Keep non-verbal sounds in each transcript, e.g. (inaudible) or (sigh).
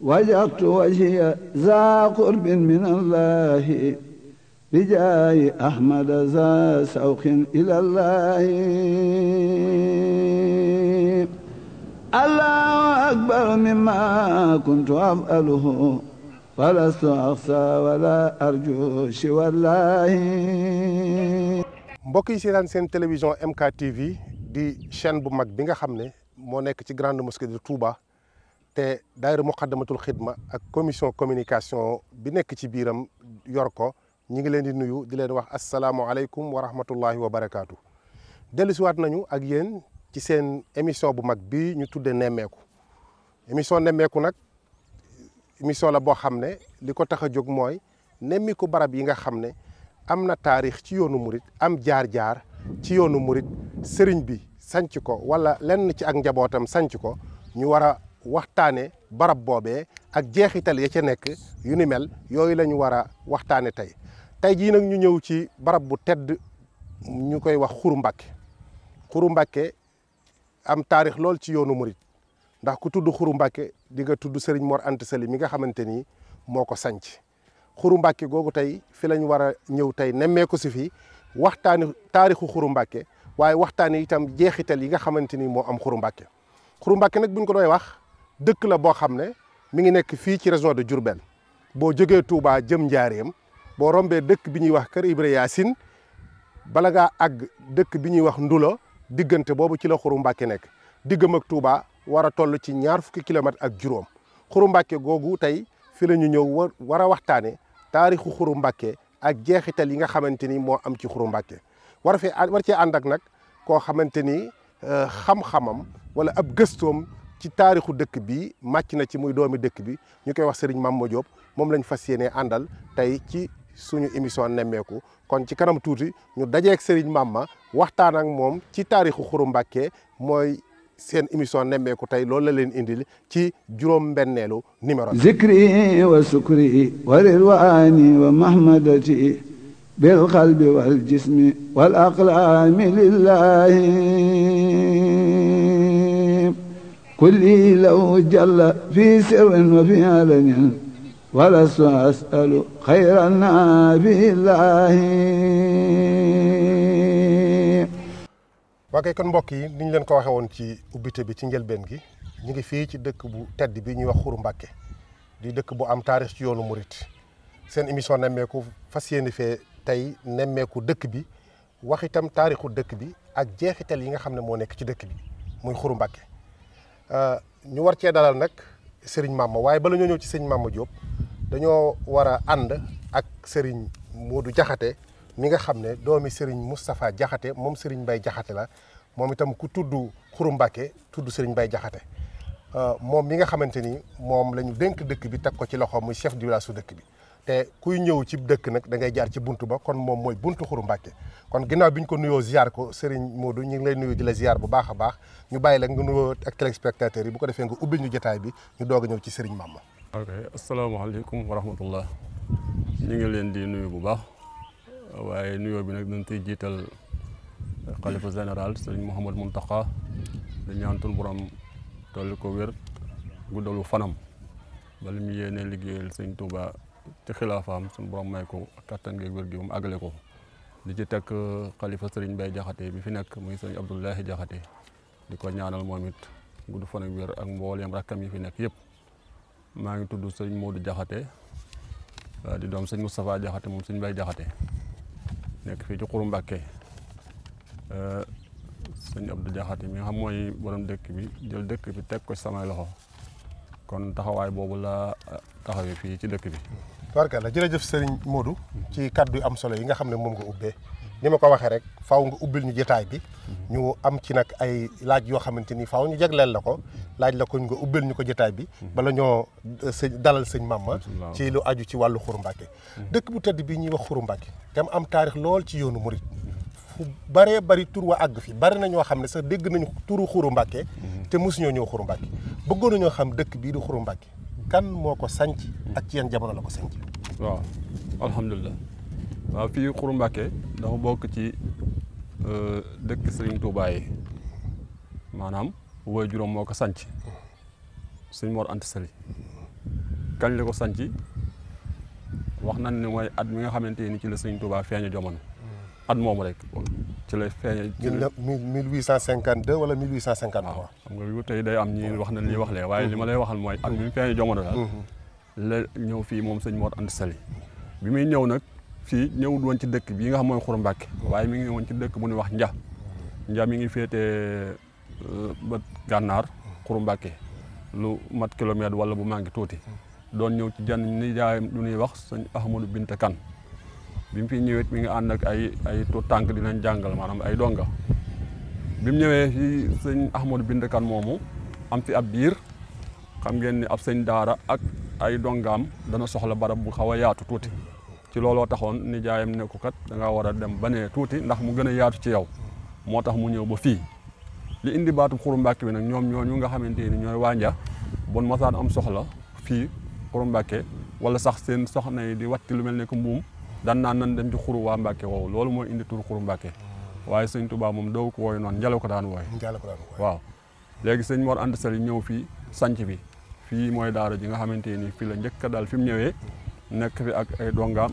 وجهت وجهي ذا قرب من الله بجاي أحمد ذا سوق إلى الله الله أكبر مما كنت أفعله ولست أخشى ولا أرجو سوى الله mbokk yi seetaan seen télévision MK TV di chaîne bu mag bi nga xam ne moo nekk ci grande mosquée de Touba te daayira muqaddamatul xidma ak commission communication bi nekk ci biiram yor ko ñi ngi leen di nuyu di leen wax asalaamualeykum wa rahmatullahi wa barakaatu. dellusiwaat nañu ak yéen ci seen émission bu mag bi ñu tuddee nemmeeku émission nemmeeku nag émission la boo xam ne li ko tax a jóg mooy nemmiku barab yi nga xam ne am na taarix ci yoonu murit am jaar-jaar ci yoonu murit sëriñ bi sanc ko wala lenn ci ak njabootam sanc ko ñu war waxtaane barab boobe ak jeexital ya ca nekk yu ni mel yooyu lañu ñu war a waxtaane tey tey jii nag ñu ñëw ci barab bu tedd ñu koy wax xuru mbàkke xuru mbàkke am taarix lool ci yoonu murit ndax ku tudd xuru mbàkke di nga tudd sëriñ Mor Anta Sali mi nga xamante ni moo ko sanc xuru mbàkke googu tey fi lañ war a ñëw tey nemmee ko si fi waxtaani taarixu xuru mbàkke waaye waxtaani itam jeexital yi nga xamante ni moo am xuru mbàkke xuru mbàkke nag buñ ko doy wax dëkk la boo xam ne mi ngi nekk fii ci région de Diourbel boo jógee Touba jëm Njaareem boo rombee dëkk bi ñuy wax Kër Ibra Yaasin bala ngaa àgg dëkk bi ñuy wax Ndula diggante boobu ci la Xuru Mbàkke nekk diggam ak Touba war a toll ci ñaar fukki kilomètre ak juróom Xuru Mbàkke googu tey fi la ñu ñëw war a waxtaane taarixu Xuru Mbàkke ak jeexital yi nga xamante ni moo am ci Xuru Mbàkke war fee war cee ànd ak nag koo xamante ni euh, xam-xamam wala ab gëstoom ci taarixu dëkk bi màcc na ci muy doomi dëkk bi ñu koy wax sëriñ Mamo Diop moom lañu fas yéenee àndal tey ci suñu émission nemmeeku kon ci kanam tuuti ñu dajeek sëriñ Mama waxtaan ak moom ci taarixu Xuru Mbàkke mooy seen émission nemmeeku tey loolu la leen indil ci juróom mbenneelu numéro zikri wa sukri wa rirwaani wa mahmadati bil qalbi wal jismi wal aqlaami lillahi كلي لو جل في سر وفي علن ولست أسأل خير النبي الله waakay kon mbokk yi ni ñu leen ko waxe woon ci ubbite bi ci njëlbeen gi ñu ngi fii ci dëkk bu tedd bi ñuy wax Xuru Mbàkke di dëkk bu am taarix ci yoonu murit seen émission nemmeeku fas yéene fee tey nemmeeku dëkk bi wax itam taarixu dëkk bi ak jeexital yi nga xam ne moo nekk ci dëkk bi muy Xuru Mbàkke Euh, ñu war cee dalal nag sëriñ Mama waaye bala ñoo ñëw ci sëriñ Mama Diop dañoo war a ànd ak sëriñ Modou Diakhaté ni nga xam ne doomi sëriñ Moustapha Diakhaté moom sëriñ Mbaye Diakhaté la moom itam ku tudd Xuru Mbàkke tudd sëriñ Mbaye jaxate euh, moom mi nga xamante ni moom la ñu dénk dëkk bi teg ko ci loxo muy chef du village dëkk bi te kuy ñëw ci dëkk nag dangay jaar ci bunt ba kon moom mooy buntu xuru Mbàkke kon ginnaaw bi ñu ko nuyoo ziar ko sëriñ Modou ñu ngi lay nuyu di la ziar bu baax a baax ñu bàyyi la nga nuyoo ak téléspectateurs yi bu ko defee nga ubbi ñu jotaay bi ñu doog a ñëw ci Serigne Mame Mor. ok asalaamaaleykum wa ñu ngi leen di nuyu bu baax waaye nuyoo bi nag dañ koy jiital xalifa général Serigne Mouhamadou Mountakha di ñaan tun borom toll ko wér guddalu fanam bala mu yéene liggéeyal Serigne Touba. ci xilaafaam suñu borom may ko ak kattan geeg wér gi mu àggale ko di ci teg euh, xalifa sëriñ Bay Jaxate bi fi nekk muy sëriñ Abdoulahi Jaxate di ko ñaanal moom it gudd fan ak wér ak mbooleem rakkam yi fi nekk yépp maa ngi tudd sëriñ Modou Jaxate di doom sëñ Moustapha Jaxate moom sëñ Bay Jaxate nekk fii ci Xuru Mbàkke euh, sëñ Abdou Jaxate mi xam mooy borom dëkk bi jël dëkk bi teg ko ci samay loxo kon taxawaay boobu la euh, taxawee fii ci dëkk bi barkalla jërëjëf Serigne Modou ci kaddu yu am solo yi nga xam ne moom nga ubbee ni ma ko waxee rek faw nga ubbil ñu jotaay bi ñu am ci nag ay laaj yoo xamante ni faaw ñu jagleel la ko laaj la ko nga ubbil ñu ko jotaay bi bala ñoo euh, sëñ dalal sëñ Mama ci lu aju ci wàllu Xuru Mbàkke dëkk bu tëdd bi ñuy wax Xuru Mbàkke tam am taarix lool ci yoonu murit fu baree bari tur wa àgg fi bari na ñoo xam ne sax dégg nañu tur Xuru Mbàkke mm-hmm. te mosuñoo ñëw Xuru Mbàkke bëggoon nañoo xam dëkk bii di Xuru Mbàkke kan moo ko sanc ak ci yan jamono la ko sanc waaw alhamdulilah waaw fii Xuru dafa bokk ci euh, dëkk Sëriñ Tuubaa yi maanaam woy juróom moo ko sanc Sëriñ Mor Anta Sali kañ la ko sanc wax nañ ne mooy at mi nga xamante ni ci la Sëriñ Tuubaa feeñu jamono at moomu rek ci lay feeñee. mille huit cent cinquante deux wala mille huit cent cinquante trois. xam nga am ñi wax na lii wax lee waaye li ma lay waxal mooy at mi feeñee jomono daal. Mhm. la ñëw fii moom sëñ Mor Anta Sali bi muy ñëw nag fii ñëwul woon ci dëkk bii nga xam mooy Xuru Mbàkke waaye mi ngi woon ci dëkk bu ñuy wax Nja Nja mi ngi féetee uh, ba gànnaar Xuru Mbàkke lu mat kilomètre wala bu manqué tuuti doon ñëw ci jan ni jaayam du ñuy wax sëñ Ahmadou Binta Kan bi mu fi ñëwee mi ngi ànd ay ay tout tànk dinañ jàngal maanaam ay donga bi mu ñëwee fi sëñ Ahmadou Bind Kan moomu am fi ab biir xam ngeen ni ab sëñ daara ak ay dongaam dana soxla barab bu xaw a yaatu tuuti ci looloo taxoon ni nekku kat danga ngaa war a dem ba ne tuuti ndax mu gën a yaatu ci yow moo tax mu ñëw ba fii li indi baatu Xuru Mbàkke bi nag ñoom ñooñu nga xamante ni ñooy wànja bon masaan am soxla fii Xuru Mbàkke wala sax seen soxna yi di watti lu mel ne ko mbuum dan naan nan dem ci xuru waa Mbacke woowu loolu mooy indi tur xuru Mbacke mm. waaye sëñ Touba moom doo ko wooyu noonu njalo ko daan wooy waaw léegi sëñ Mor Anta Sali ñëw fii sanc bi fii mooy daara ji nga xamante ni fii la njëkk a daal fi mu ñëwee nekk fi ak ay dongaam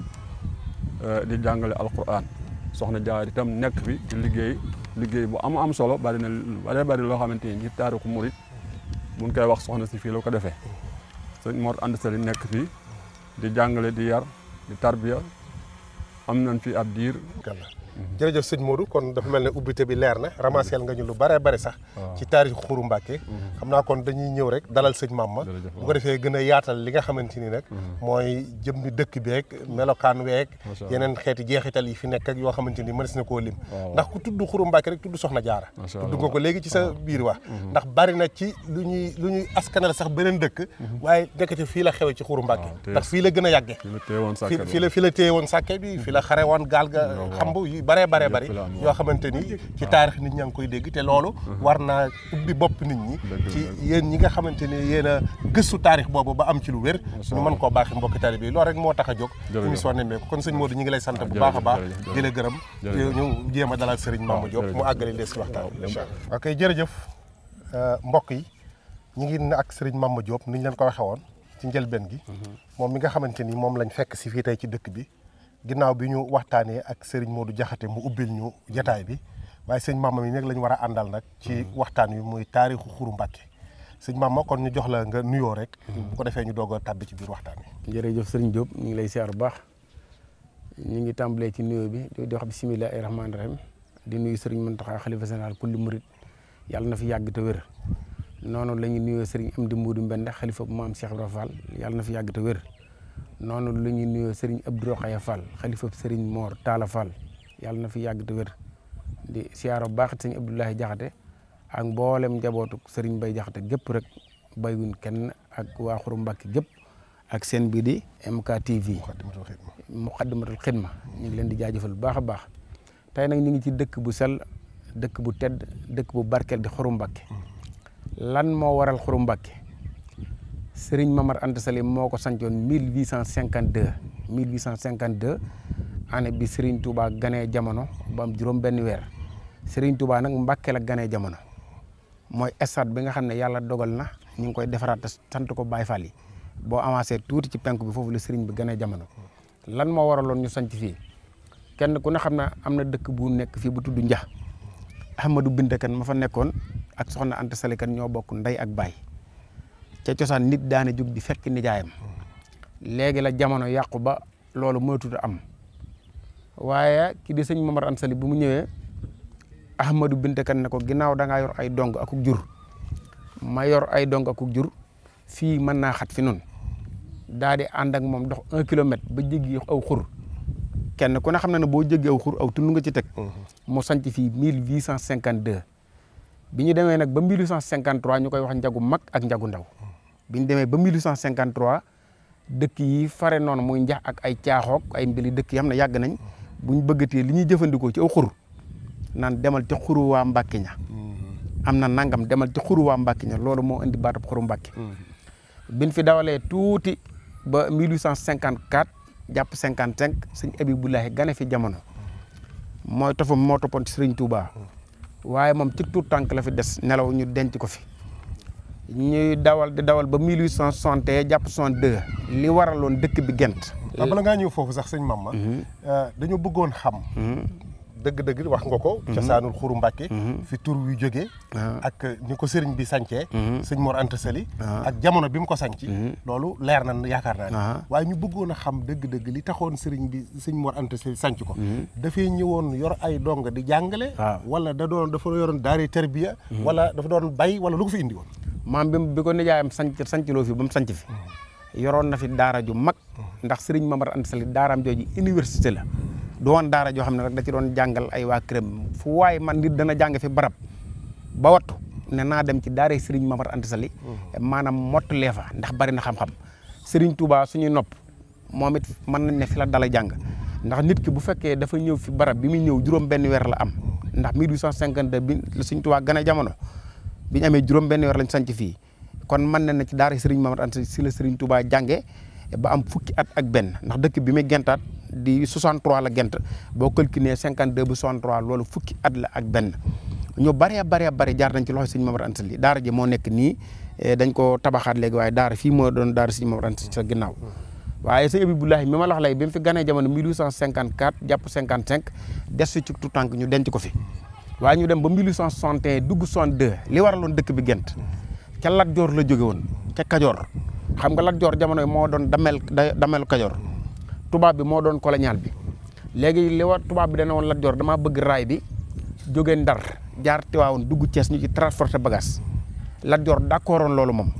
eh, di jàngale alquran soxna jaar itam nekk fi di liggéey liggéey bu am am solo bari na bari bari loo xamante ni ci taarixu murit buñ koy wax soxna si fii la ko defee sëñ Mor Anta Sali nekk fii di jàngale di yar di tarbiya am nañ fi ab diir. jërëjëf sëñ Modou kon dafa mel ne ubbite bi leer na ramaseel nga ñu lu bare bare sax ci taarix Xuru Mbàkke mhm. xam naa kon dañuy ñëw rek dalal sëñ Mamma bu ko defee gën a yaatal li nga xamante ni nag mhm. mooy jëmmi dëkk beeg melokaan weeg yeneen xeeti jeexital yi fi nekk ak yoo xamante ni si na koo lim ndax ku tudd Xuru Mbàkke rek tudd Soxna Jaara tudd nga ko léegi ci sa biir wax mhm. ndax bari na ci lu ñuy lu ñuy askanal sax beneen dëkk waaye nekkati fii la xewe ci Xuru Mbàkke ndax fii la gën a yàgge fii la fii la téye woon sàkke bi fii la xare woon gaal ga (laughs) yi yu bare bare bari yoo xamante ni ci taarix nit ñaa ngi koy dégg te loolu uh-huh. war naa ubbi bopp nit ñi ci yéen ñi nga xamante ni yéen a gëstu taarix boobu ba am ci lu wér ñu mën koo baax mbokki taalibe bi loolu rek moo tax a jóg émission Nemmeeku kon sëñ Modou ñu ngi lay sant bu ah, baax a baax di la gërëm ñu jéem a dalal Serigne Mamadou Diop mu àggali lees waxtaan ok jëf euh, mbokk yi ñu ngi ak sëriñ Mamadou Diop ni ñu leen ko waxe woon ci njëlbeen gi mm-hmm. moom mi nga xamante ni moom lañ fekk si fii tey ci dëkk bi ginnaaw bi ñu waxtaanee ak Serigne Modou Diakhaté mu ubbil ñu jataay bi waaye sëñ maama mi nag la ñu war a àndal nag ci mm-hmm. waxtaan wi muy taarixu Xuru Mbàkke sëñ maama kon ñu jox la nga nuyoo rek mm-hmm. bu ko defee ñu doog a tàbbi ci biir waxtaan wi jërëjëf sëriñ Diop ñu ngi lay siyaar bu baax ñu ngi tàmbalee ci nuyoo bi di wax bismillaahi rahmaani rahim di nuyu sëriñ Muntaxa xalifa général kulli murit yàlla na fi yàgg te wér noonu la ñu nuyoo sëriñ Amdi Moodu Mbend xalifa bu maam Cheikh Ibra Fall yàlla na fi yàgg te wér noonu lu ñuy nuyoo sëriñ Abdou Rokhaya Fall xalifa sëriñ Mor Talla Fall yàlla na fi yàgg te wér di siyaaro baax sëriñ Abdoulahi Jaxate ak mboolem njabootu sëriñ Bay Jaxate gépp rek bayuñ kenn ak waa Xuru Mbàkke gépp ak seen bi di MKTV Muqaddamatul Xidma ñu ngi leen di jaajëfal bu baax a baax tey nag ñu ngi ci dëkk bu sell dëkk bu tedd dëkk bu barkeel di Xuru Mbàkke mm. lan moo waral Xuru Mbàkke sëriñ Mamar Anta Sali moo ko sancoon 1852 1852 année bi sëriñ Touba ganee jamono ba am juróom benn weer sëriñ Touba nag Mbàkke la ganee jamono mooy stade bi nga xam ne yàlla dogal na ñu ngi koy defaraat te sant ko Baye Fall yi boo avancé tuuti ci penk bi foofu la sëriñ bi ganee jamono lan moo waraloon ñu sanc fii kenn ku ne xam ne am na dëkk bu nekk fii bu tudd Njax Ahmadou Binta kan ma fa nekkoon ak soxna Anta Sali ñoo bokk ndey ak baay ca cosaan nit daane jug di fekk nijaayam léegi la jamono yàqu ba loolu moytuta am waaye ki di sëñ Momar Ansali bu mu ñëwee Ahmadou Binta Kan ne ko ginnaaw da ngaa yor ay dong akuk jur ma yor ay dong akuk jur fii mën naa xat fi nun daa di ànd ak moom dox un kilomètre ba jéggi aw xur kenn ku ne xam na ne boo jéggi aw xur aw tund nga ci teg mu sanc fii mille huit cent cinquante ñu demee nag ba mille huit cent cinquante trois ñu koy wax njagu mag ak njagu ndaw bi ñu demee ba 1853 dëkk yi fare noonu muy njax ak ay caaxoog ay mbili dëkk yi xam ne yàgg nañ bu ñu bëggatee li ñuy jëfandikoo ci aw xur naan demal ci xuru waa Mbàkke ña mm-hmm. am na nangam demal ci xuru waa Mbàkke ña loolu moo indi baatab xuru Mbàkke mm-hmm. biñ fi dawalee tuuti ba 1854 jàpp 55 sëñ Abibulahi gane fi jamono mm-hmm. mooy tofam moo toppoon ci Sëriñ Tuubaa waaye moom ci tuut tànk la fi des nelaw ñu denc ko fi ñuy dawal di dawal ba 1861 jàpp 62 li waraloon dëkk bi gent ah bala ngaa ñëw foofu sax sëñ Mame ma mhm. euh, dañoo bëggoon xam. Mhm. dëgg-dëgg wax nga ko. Mhm. cosaanul xuru Mbàkke. fi tur wi jógee. Ah. ak ni ko sëriñ bi sancee. sëñ Mor Anta Sali. Ah. ak jamono bi mu ko sanc loolu leer na yaakaar naa ne. Ah. waaye ñu bëggoon a xam dëgg-dëgg li taxoon sëriñ bi sëñ Mor Anta Sali sanc ko. dafay ñëwoon yor ay dong di jàngale. wala da doon dafa yoroon daari tarbiya. wala dafa doon bay wala lu ko fi indi woon maam bi bi ko nijaayam sanc sancloo fi ba mu sanc fi yoroon na fi daara ju mag ndax sëriñ Mamar Anta Sali daaraam jooju université la doon daara joo xam ne rek da ci doon jàngal ay waa këram fu waaye man nit dana jàng fi barab ba wattu ne naa dem ci daara sëriñ Mamar Anta Sali maanaam lee fa ndax bari na xam-xam sëriñ Touba suñuy nopp moom it mën nañ ne fi la dala jàng ndax nit ki bu fekkee dafa ñëw fi barab bi muy ñëw juróom benn weer la am ndax 1852 bi la sëriñ Touba gën jamono bi ñu amee juróom benn weer lañ sanc fii kon mën na ne ci daara Serigne Mamadou Anta si la Serigne Touba jànge ba am fukki at ak benn ndax dëkk bi muy gentaat di 63 la gent boo calculé 52 ba 63 loolu fukki at la ak benn ñu baree baree bare jaar nañ ci loxo Serigne Mamadou Anta li daara ji moo nekk nii eh, dañ ko tabaxaat léegi waaye daar fii moo doon daara Serigne Mamadou Anta sa ginnaaw waaye sëñ Abibulahi mi ma la wax lay bi fi ganee jamono 1854 jàpp 55 des fi ci tout tànk ñu denc ko fi waa ñu dem ba 1861 dugg 62 li waraloon dëkk bi gent ca Lat Joor la jóge woon ca Kajoor xam nga Lat Joor jamono moo doon da damelu Kajoor tubaab bi moo doon colonial bi léegi li war tubaab bi dana woon Lat Joor damaa bëgg raay bi jógee Ndar jaar Tiwaawoon dugg Cees ñu ci transporter bagage Lat Joor d'accordoon loolu moom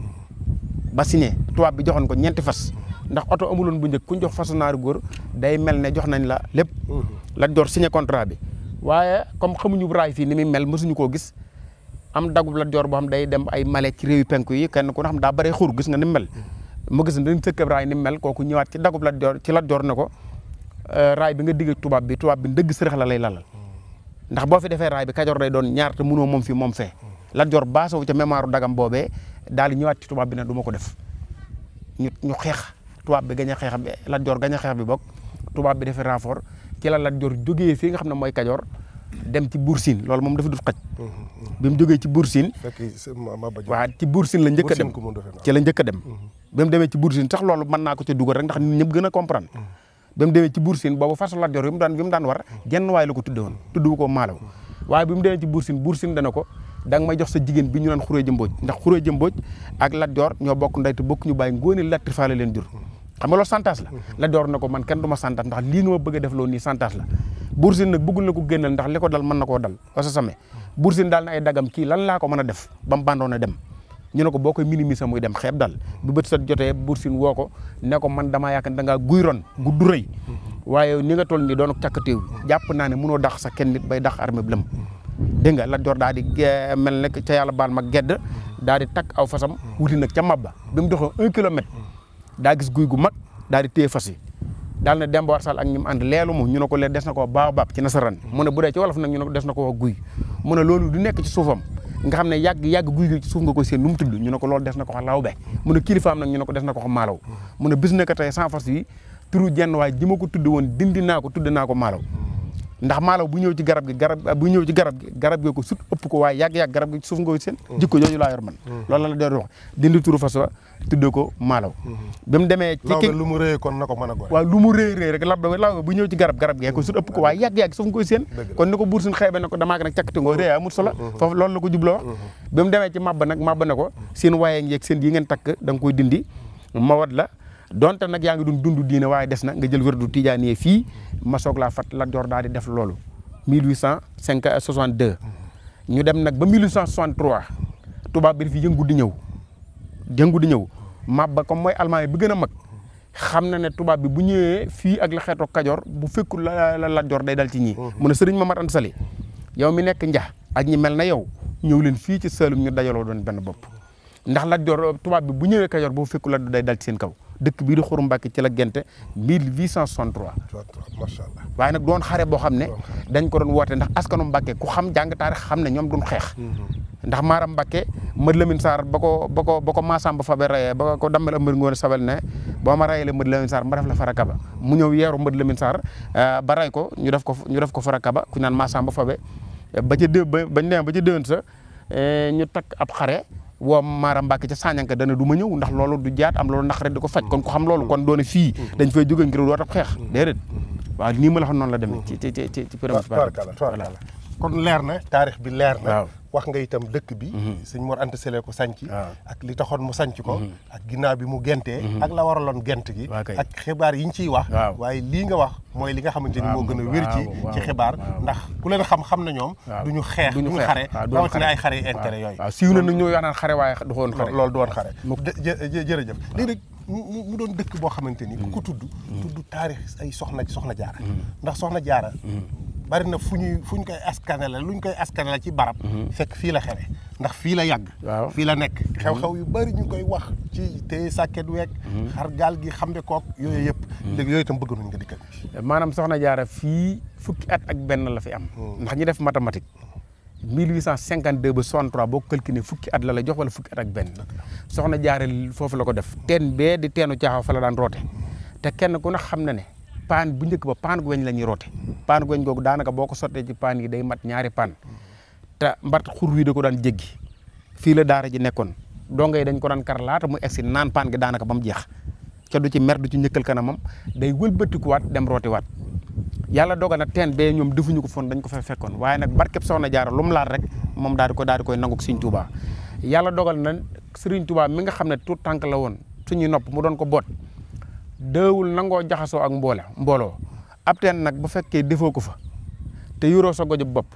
ba signé tubaab bi joxoon ko ñeenti fas ndax oto amuloon bu njëkk ku jox fasu naaru góor day mel ne jox nañ la lépp Lat Joor signé contrat bi waaye comme xamuñu raay fii ni mi mel mësuñu koo gis am dagub la joor boo xam day dem ay male ci réewi penku yi kenn ku ne xam daa bëree xur gis nga ni mu mel mu gis ne dañ sëkkab raay ni mu mel ko ñëwaat ci dagub la joor ci la joor ne ko euh, raay bi nga digg tubaab bi tubaab bi ndëgg sërëx la lay lalal ndax boo fi defee raay bi kajoor day doon ñaar te mënoo moom fii moom fee la joor baasawu ca mémoire dagam boobee daal di ñëwaat ci tubaab bi ne duma ko def ñu xeex tubaab bi gañ a xeex bi la joor gañ a xeex bi bokk tubaab bi defee renfort ci la Lat Joor jógee fii nga xam ne mooy Kajoor dem ci Buur Siin loolu moom dafa dut xaj bi mu jógee ci Buur Siin waaw ci Buur Siin la njëkk a dem ci la njëkk a dem mhm. ba mu demee ci Buur Siin sax loolu mën naa ko ci dugal rek ndax nit ñëpp gën a comprendre mhm. ba mu demee ci Buur Siin boobu façon Lat Joor yi mu daan bi mu daan war mhm. genn waay la ko tudde woon tuddu ko maalaw waaye bi mu demee ci Buur Siin dana ko da nga may jox sa jigéen bi ñu naan Xureeja Mbooj ndax Xureeja Mbooj ak Lat te bokk ñu bàyyi ngóone Lat Faal leen jur xam nga loolu la la door na ko man kenn du ma chantage ndax lii nga ma bëgg a def loolu nii chantage la Bour Sine nag bëggul na ko génnal ndax li ko dal mën na koo dal asa same Bour Sine daal na ay dagam kii lan laa ko mën a def ba mu bandoon dem ñu ne ko boo koy minimiser muy dem xeeb dal bu bët sa jotee Bour Sine woo ko ne ko man dama yaakaar da ngaa guy ron gudd rëy waaye ni nga tol nii doon càkkatéew jàpp naa ne mënoo dax sa kenn nit bay dax armée bi lëm dégg nga Lat Joor daal di mel ne ca yàlla baal ma gedd daal di takk aw fasam wuti nag ca mabba bi mu doxee un kilomètre daa gis guy gu mag daal di téye fas yi daal na Demba War ak ñi mu ànd leelu mu ñu ne ko lee des na ko baobab ci nasaraan mu ne bu dee ci wolof nag ñu des na ko wax guy mu loolu du nekk ci suufam nga xam ne yàgg yàgg guy gi ci suuf nga koy seen lu mu tudd ñu ne ko loolu des na ko wax lawbe mu ne kilifaam nag ñu ne ko des na ko wax maalaw mu bis na ko tey sans fas yi turu jenn waay ji ko tudd woon dindi naa ko tudd naa ko maalaw ndax maalaw bu ñëw ci garab gi garab bu ñëw ci garab gi garab gi ko sut ëpp ko waaye yàgg-yàgg garab gi suuf nga seen mm-hmm. jikko jooju laa yor man mm-hmm. la doon wax dindi turu fas wa ko maalaw mm-hmm. ba demee ci lu mu rëy kon na ko mën a waaw lu mu rëy rëy rek lab law bu ñëw ci garab garab gi ko sut ëpp ko waaye yàgg-yàgg suuf nga seen kon ni ko buur suñ xeebe na ko damaa ko nag cakkati ngoo rëy amul solo foofu loolu la ko jubloo wax ba mu demee ci màbb nag màbb na ko seen waaye yeeg seen yi ngeen takk da koy dindi ma wat la donte nag yaa ngi doon dund diine waaye des na nga jël wér wérdu tijaaniyee fii ma soog laa fat Lat Joor daal di def loolu 1862 ñu dem nag ba 1863 tubaab bi di fi yëngu di ñëw yëngu di ñëw mabba comme mooy almaañ bi gën a mag xam na ne tubaab bi bu ñëwee fii ak la xeetoo Kajoor bu fekkul la la Lat day dal ci ñii mhm. mu ne sëriñ Mamar Anta Sali yow mi nekk njax ak ñu mel na yow ñëw leen fii ci Saalum ñu dajaloo doon benn bopp ndax Lat Joor tubaab bi bu ñëwee Kajoor bu fekku la day dal ci seen kaw dëkk bii di Xuru Mbàkke ci la gente 1863. macha allah waaye nag doon xare boo xam ne dañ ko doon woote ndax askanu Mbàkke ku xam jàng taarix xam ne ñoom duñ xeex mm-hmm. ndax Maara Mbàkke Mad Lamin Sarr ba ko ba ko ba ko Massamba Fabe rayee ba ko dammel ëmbër ngoone sabal ne boo ma rayee la Mad Lamin Sarr ma def la farakaba mu ñëw yeeru Mad Lamin Sarr euh, ba ray ko ñu def ko ñu def ko farakaba ku naan Massamba Fabe ba ca dé ba bañ ba ca déwén sa euh, ñu takk ab xare woo Mara Mbacke ca Sañanka dana du ma ndax loolu du jaat am loolu ndax rek di ko faj mm. kon ku xam loolu kon mm. doone fii mm. dañ fay jóge ngir doo tab xeex déedéet waaw nii ma la xam noonu la demee ci ci ci ci ci kon leer na taarix bi leer na wax nga itam dëkk bi mhm. sëñ moo Anta Sele ko sanc ak li taxoon mu sanc ko mhm. ak ginnaaw bi mu gentee mhm. ak la waraloon gent gi ak xibaar yi ñu ciy wax waaye lii nga wax mooy li nga xamante ni moo gën a wér xibaar ndax ku leen xam-xam na ñoom duñu xeex duñu xare rawatina ay xare intérêt yooyu waaw siiw na nag ñoo yaanaan xare waaye du woon xare loolu du woon xare jërëjëf léegi mu doon dëkk boo xamante ni ku ko tudd tudd taarix ay soxna soxna jaara ndax soxna jaara bari na fu ñu fu ñu koy askanale lu ñu koy askanale ci barab. Mhm. fekk fii la xewe ndax fii la yàgg. waaw fii la nekk mhm. xew-xew yu bari ñu koy wax ci te sàkket week. Mhm. xar gaal gi xambe kook yooyu yëpp. léegi yooyu tam bëgg nañ nga dikkal. maanaam soxna jaara fii fukki at ak benn la fi am. ndax ñu def mathématique. 1852 ba 63 boo calculé fukki at la la jox wala fukki at ak benn soxna jaare foofu la ko def teen bee di teenu caaxaw fa la daan roote te kenn ku ne xam na ne. paan bu njëkk ba paan gu weñ la ñuy roote paan gu weñ googu daanaka boo ko sottee ci paan yi day mat ñaari paan te mbat xur wi da ko daan jéggi fii la daara ji nekkoon donga yi dañ ko daan kar laata mu egsi naan paan gi daanaka ba mu jeex ca du ci mer du ci ñëkkal kanamam day wëlbatikuwaat dem rootiwaat yalla dogal na teen bee ñoom defuñu ko foon dañ ko fa fekkoon waaye nag barkeb na jaar lu mu laal rek moom daal di ko daal di koy nangu Sëriñ Tuubaa yàlla na Sëriñ Tuubaa mi nga xam ne tout tànk la suñuy nopp mu doon ko boot deewul nangoo jaxasoo ak mboola mbooloo ab teen nag bu fekkee defoo ko fa te yoroo sa goju bopp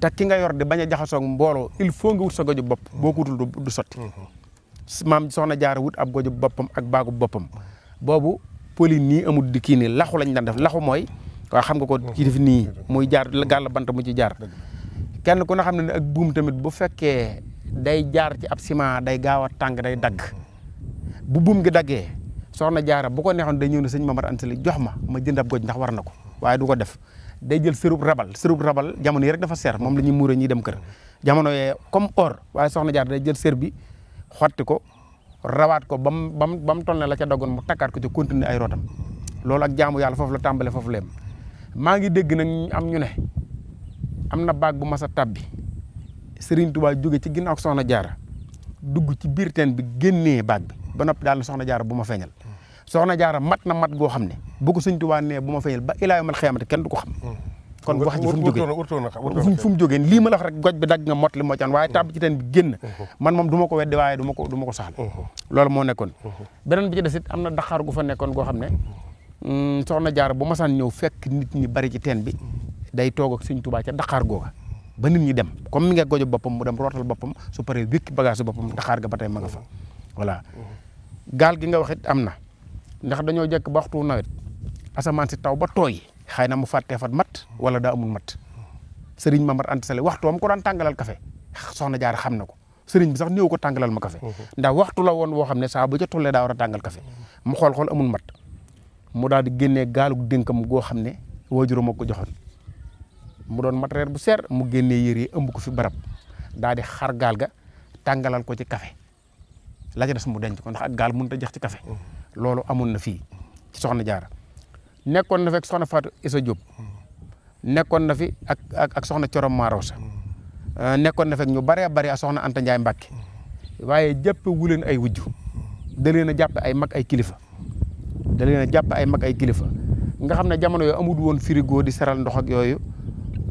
te ki nga yor di bañ a jaxasoo ak mbooloo il faut nga wut sa goju bopp boo ko wutul du sotti mhm. maam soxna jaara wut ab goju boppam ak baagu boppam boobu poli nii amul di kii laxu lañ daan def laxu mooy waaw xam nga ko kii def nii muy jaar gàll bant mu ci jaar kenn ku ne xam ne ne ak buum tamit bu fekkee day jaar ci ab ciment day gaaw a tàng day dagg mhm. bu buum gi daggee soxna jaara bu ko neexoon day ñëw ne sëñ Mamar Anta Sali jox ma ma jënd ab goj ndax war na ko waaye du ko def day jël sërub rabal sërub rabal jamono yi rek dafa seer moom la ñuy muuree ñuy dem kër jamono yee comme or waaye soxna jaar day jël sër bi xotti ko rawaat ko ba mu ba mu ba mu toll ne la ca doggoon mu takkaat ko ci continuer ay rotam loolu ak jaamu yàlla foofu la tàmbale foofu la maa ngi dégg nag am ñu ne am na baag bu mas a tàbbi Serigne Touba jóge ci ginnaaw ak soxna jaara dugg ci biir teen bi génnee baag bi ba nopp daal na soxna jaara bu ma feeñal soxna jaara mat na mat goo xam ne bu ko sëñ Tuubaa ne bu ma fayal ba ilaa yawmal xiyaamati kenn du ko xam hmm. kon wax ji fu mu jógee fu mu jógee lii ma la wax rek goj bi dagg nga mot li hmm. hmm. moo ma ko weddi waaye du ma ko du ma moo nekkoon beneen bi ci des am na daxaar gu fa nekkoon goo xam ne soxna jaara bu saan ñëw fekk nit ñi bari ci teen bi day toog ak sëñ tubaa ca daxaar googa ba nit ñi dem comme mi nga gojo boppam mu dem rootal boppam su paree wékki bagage su boppam daxaar ga ba tey ma nga fa voilà gaal gi nga wax am na ndax dañoo jekk ba waxtu nawet asamaan si taw ba tooy xëy na mu fàttee fat mat wala daa amul mat sëriñ Mamar Anta Sali waxtu mu ko daan tàngalal kafe soxna jaar xam na ko sëriñ bi sax néew ko tàngalal ma café mhm. ndax waxtu la woon woo xam ne saa bu ca tollee daa a tàngal café mu xool xool amul mat mu daal di génnee gaalug dénkam goo xam ne waajur moo ko joxoon mu doon matériel bu seer mu génnee yére yi ëmb ko fi barab daal di xar gaal ga tàngalal ko ci kafe la ca des mu denc ko ndax ak gaal mënut ta jeex ci kafe loolu amoon na fii soxna jaara nekkoon na fi ak soxna Fatou nekkoon na fi ak ak ak soxna Corom Marosa euh, nekkoon na fi ñu baree bari ak soxna Anta Ndiaye Mbacke waaye jàppe wu leen ay wujj da leen a jàpp ay mag ay kilifa da leen jàpp ay mag ay kilifa nga xam ne jamono yooyu amul woon firigo di seral ndox ak yooyu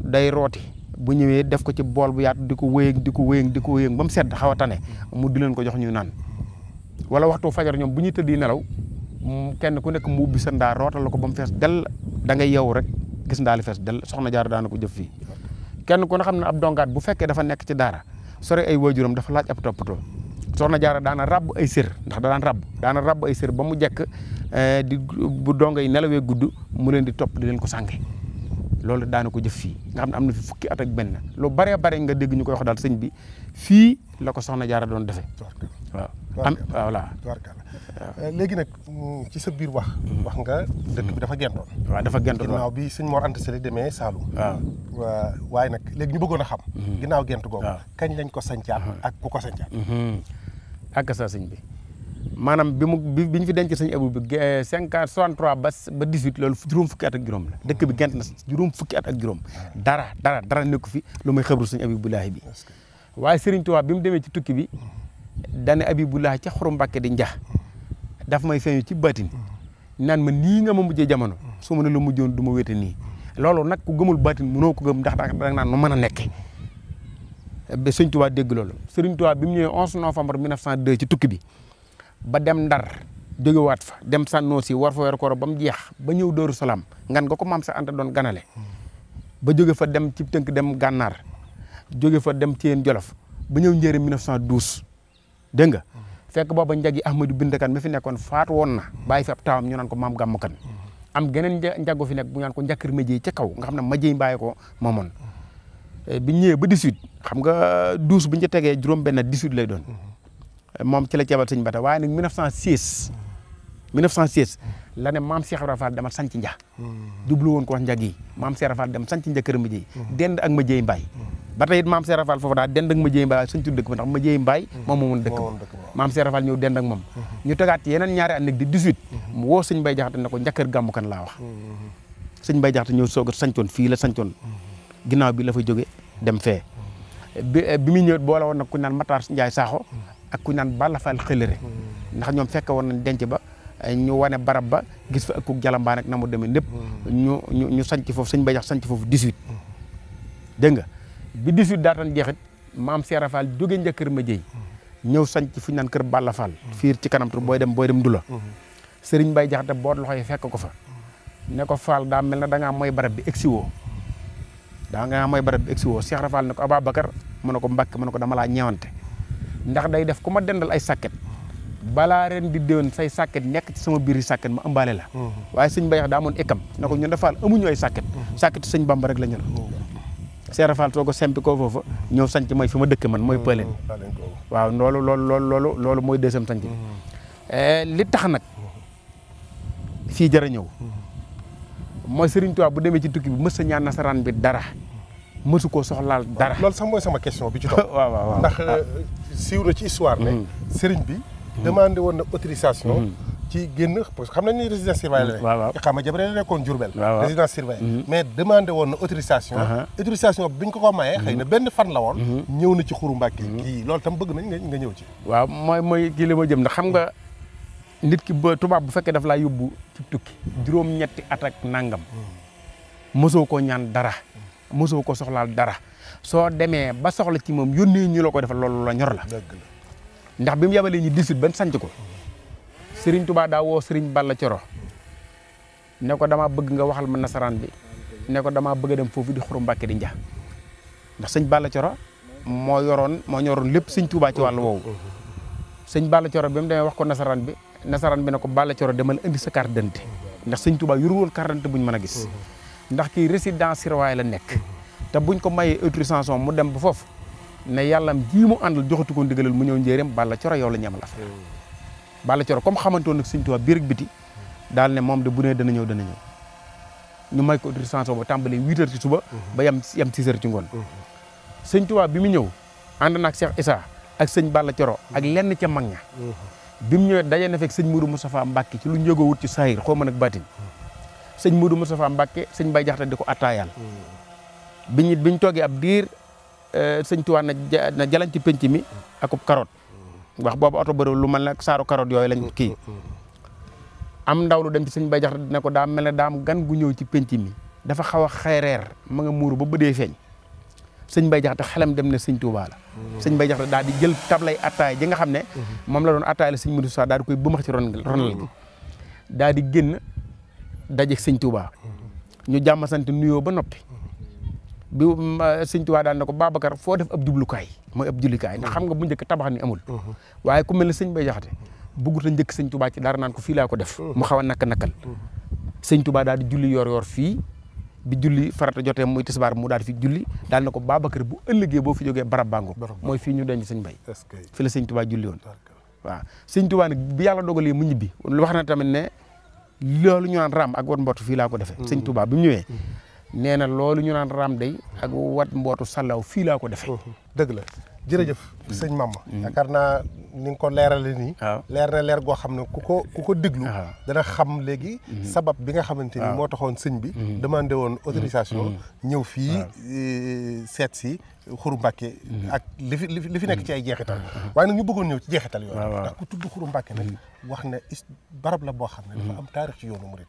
day rooti bu ñëwee def ko ci bool bu yaat di ko wéyeeg di ko wéyeeg di ko wéyeeg ba mu sedd xaw tane mu di leen ko jox ñu naan. wala waxtu fajar ñoom bu ñuy tëddi nelaw mm, kenn ku nekk mu ubbi sa ndaa rootal la ko ba mu fees dell da ngay yow rek gis ndaa li fees dell soxna jaar daana ko jëf fii kenn ku ne xam ne ab dongaat bu fekkee dafa nekk ci daara sore ay waajuram dafa laaj ab toppatoo soxna jaara daana ràbb ay sër ndax da daan daana ràbb ay ba mu jekk eh, di bu donga yi nelawee gudd mu leen di topp di leen ko sànke loolu daana ko jëf fii nga xam ne am na fi fukki at benn lu baree bare nga dégg ñu koy wax daal sëñ bi fii la ko soxna jaara doon defe waaw am voilà euh, léegi nag mm, ci sa biir wax wax nga dëkk bi dafa gentoon mm. waaw dafa gentoon ginnaaw bi sëñ Mor Anta Sali demee Saalum waaw waaye nag léegi ñu bëggoon a xam mm-hmm. ginnaaw gent googu kañ lañ ko sancaat mm-hmm. ak ko ko sancaat mm-hmm. ak sa sëñ bi maanaam bi mu bi ñu fi denc sëñ Abu bi eh, cinquante ba ba dix-huit loolu juróom fukki at ak juróom la dëkk bi gent na juróom fukki at ak juróom dara dara nekku fi lu muy xëbru sëñ Abu bi waaye Serigne Touba bi mu demee ci tukki bi dane Abibullah ca xoru Mbàkke di njax daf may feeñu ci baatin naan ma nii nga ma mujjee jamono su ma ne la mujjoon du ma wéete nii loolu nag ku gëmul baatin mënoo ko gëm ndax da nga naan nu mën a nekk ba Serigne Touba dégg loolu Serigne Touba bi mu ñëwee 11 novembre 1902 ci tukki bi ba dem Ndar waat fa dem sànnoo si war fa weer koor ba mu jeex ba ñëw Dóoru Salaam ngan nga ko maam sa anta doon ganale ba jóge fa dem ci tënk dem gànnaar jóge fa dem Thiène Jolof ba ñëw njëriñ 1912 dégg nga mm-hmm. fekk booba njag yi Ahmadou Bindakan mi fi nekkoon faat woon na bàyyi fi ab taawam ñu naan ko maam gàmmukan mm-hmm. am geneen njago fi nekk bu ñu naan ko njakkar majey ca kaw nga xam ne majey bàyyi ko moomoon mm-hmm. eh, bi ñëwee ba 18 xam nga 12 bu ñu ca tegee juróom benn 18 lay doon eh, moom ci la ceebal sëñ bata waaye nag 1906 1906 la ne maam Cheikh Ibra Fall dama sanc nja dublu woon ko njag yi maam Cheikh dem sanc nja ma jéy dend ak ma jéy mbaay ba tey it maam Cheikh Ibra Fall foofu daal dend ak ma jéy mbaay suñ tudd dëkk ba ndax ma jéy mbaay moom moomoon dëkk ba maam Cheikh Ibra Fall ñëw dend ak moom ñu tegaat ci yeneen ñaari at nag di 18 mu woo sëñ Mbay Jaxate ne ko njakkër gàmmu kan laa wax sëñ Mbay Jaxate ñëw soog a sancoon fii la sancoon ginnaaw bi la fa joge dem fee bi eh, bi muy ñëw boole woon nag ku naan Matar Njaay Saaxo ak ku naan Balla Fall xëlëre ndax ñoom fekk woon nañ denc ba ay ñu wane barab ba gis fa ëkkuk jalambaan ak na mu demee lépp. ñu ñu ñu sanc sañ sëñ Bajax sanc foofu 18. dégg nga bi 18 daataan jeexit maam Seera Fall jóge njëkkër ma jëy ñëw sanc fu naan kër Balla Fall. fiir ci kanam booy dem booy dem Dula. sëriñ Bay Jaxate boot loxo yi fekk ko fa. ne ko Fall daa mel na da ngaa mooy barab bi egsi woo. daa ngaa mooy barab bi egsi woo Seex Rafal ne ko Ababacar mu ne ko Mbàkke mu ne ko dama laa ñeewante ndax day def ku ma dendal ay sàkket balaa ren di déwén say sàkket nekk ci sama biir sàkket ma ëmbaale la mhm. waaye sëñ Bayax daa amoon ekkam ne ko ñun dafaal amuñu ay sàkket mhm. sàkket sëñ Bamba rek la ñun mhm. Seera Faal soo ko sempi koo foofa ñëw sanc mooy fi ma dëkk man mooy pëleen waaw loolu loolu loolu loolu loolu mooy deuxième sanc eh, li tax nag fii jërë ñëw mooy Serigne Touba bu demee ci tukki bi mës sa ñaan nasaraan bi dara mësu koo soxlaal dara lool sax mooy sama question bi ci topp (laughs) waaw waaw waaw ndax euh, siiw na ci histoire ne Serigne bi Mmh. demande woon na autorisation. Mmh. ci génn parce que xam nañu ne résidence surveillée la. Mmh. waaw waaw xam nga Jabaré la nekkoon Diourbel. waaw résidence surveillée. mais demandé woon na autorisation. autorisation bi ñu ko ko mayee. xëy na benn fan la woon. ñëw na ci xuru Mbàkke loolu tam bëgg nañ nga ñëw ci. waaw mooy mooy kii li ma jëm na xam nga nit ki ba tubaab bu fekkee daf laa yóbbu ci tukki juróom-ñetti at ak nangam. mosoo ko ñaan dara. mosoo ko soxlaal dara. soo demee ba soxla ci moom yónnee ñu la ko defal loolu la ñor la. ndax bi mu yabalee ñu 18 ban sanc ko Serigne Touba daa woo sëriñ Balla Coro ne ko damaa bëgg nga waxal ma nasaraan bi ne damaa bëgg a dem foofu di xuru Mbàkke di njax ndax sëñ Balla Coro moo yoroon moo ñoroon lépp sëñ Touba ci wàllu woowu sëñ Balla Coro bi mu demee wax nasaraan bi nasaraan bi ne ko Balla Coro demal indi sa carte d'identité ndax sëñ Touba yoru woon carte bu ñu mën a gis ndax ki résidence surveillée la nekk te buñ ko mayee autorisation mu dem ba foofu ne yàllam jii mu àndal joxatu ko ndigalal mu ñëw njéeréem Balla Coro yow la ñu amal affaire hmm. Balla Coro comme xamantoon nag Sëñ Tuubaa biir biti hmm. daal ne moom de bu nee dana ñëw dana ñëw ñu may ko autorisation ba tàmbalee huit heures ci suba hmm. ba yem yem six heures ci ngoon Sëñ Tuubaa bi mu ñëw ànd nag Cheikh Issa ak sëñ bala Coro ak lenn ca mag ña bi mu ñëwee daje na fekk sëñ Moudou mu Mbacke ci lu ci saahir xaw ma nag baatin sëñ Moudou Moustapha Mbacke sëñ Bay Jaxate di ko attaayaal bi ñu bi ñu toogee ab diir Eh, sëñ Tuubaa na na jalañ ci penc mi akub karoot wax boobu oto bëriwul lu mel na saaro karoot yooyu lañ kii am ndaw lu dem ci sëñ Bay Jaxate dina ko daa mel ne daam gan gu ñëw ci penc mi dafa xaw a xeereer ma nga muuru ba bëdee feeñ sëñ Bay Jaxate xelam dem na sëñ Tuubaa la Bay Jaxate daal di jël tablay attaay ji nga xam ne moom la doon attaay la sëñ Mudu Saa daal di koy bëmax ci ron ron gi daal di génn daje sëñ Tuubaa ñu jàmm nuyoo ba noppi bi sëñ Tuubaa daan na ko Babacar foo def ab jublukaay mooy ab jullikaay ndax xam nga bu njëkk tabax ni amul mhm. waaye ku mel ne sëñ Bay Jaxate bëggut a njëkk sëñ Tuubaa ci dara naan fii laa ko def mhm. mu xaw a nakka nakkal mhm. sëñ Tuubaa daal di julli yor yor fii bi julli farata jotee muy tisbaar mu daal di fi julli daal na ko Babacar bu ëllëgee boo fi jógee barab bàngo mooy fii ñu denc sëñ Bay fi la sëñ Tuubaa julli woon waaw sëñ Tuubaa nag bi yàlla dogalee mu ñibbi wax na tamit ne loolu ñu naan raam ak war mbott fii laa ko defee sëñ Tuubaa bi mu ñëwee nee na loolu ñu naan raam day ak wat mbootu sàllaw fii laa ko defee. Mhm. dëgg la jërëjëf sëñ Mama. Mhm. yaakaar naa ni nga ko leerale nii. leer na leer goo xam ne ku ko ku ko déglu. dana xam léegi. Mhm. sabab bi nga xamante ni moo taxoon sëñ bi. demande woon autorisation. ñëw fii e, seet si. xuru mbàkke mhm. ak li fi fi nekk ci ay jeexital mhm. Mhm. waaye nag ñu bëggoon ñëw ci jeexital yooyu ndax ku tudd xuru mbàkke wax ne barab la boo xam ne dafa am taarix ci yoonu murit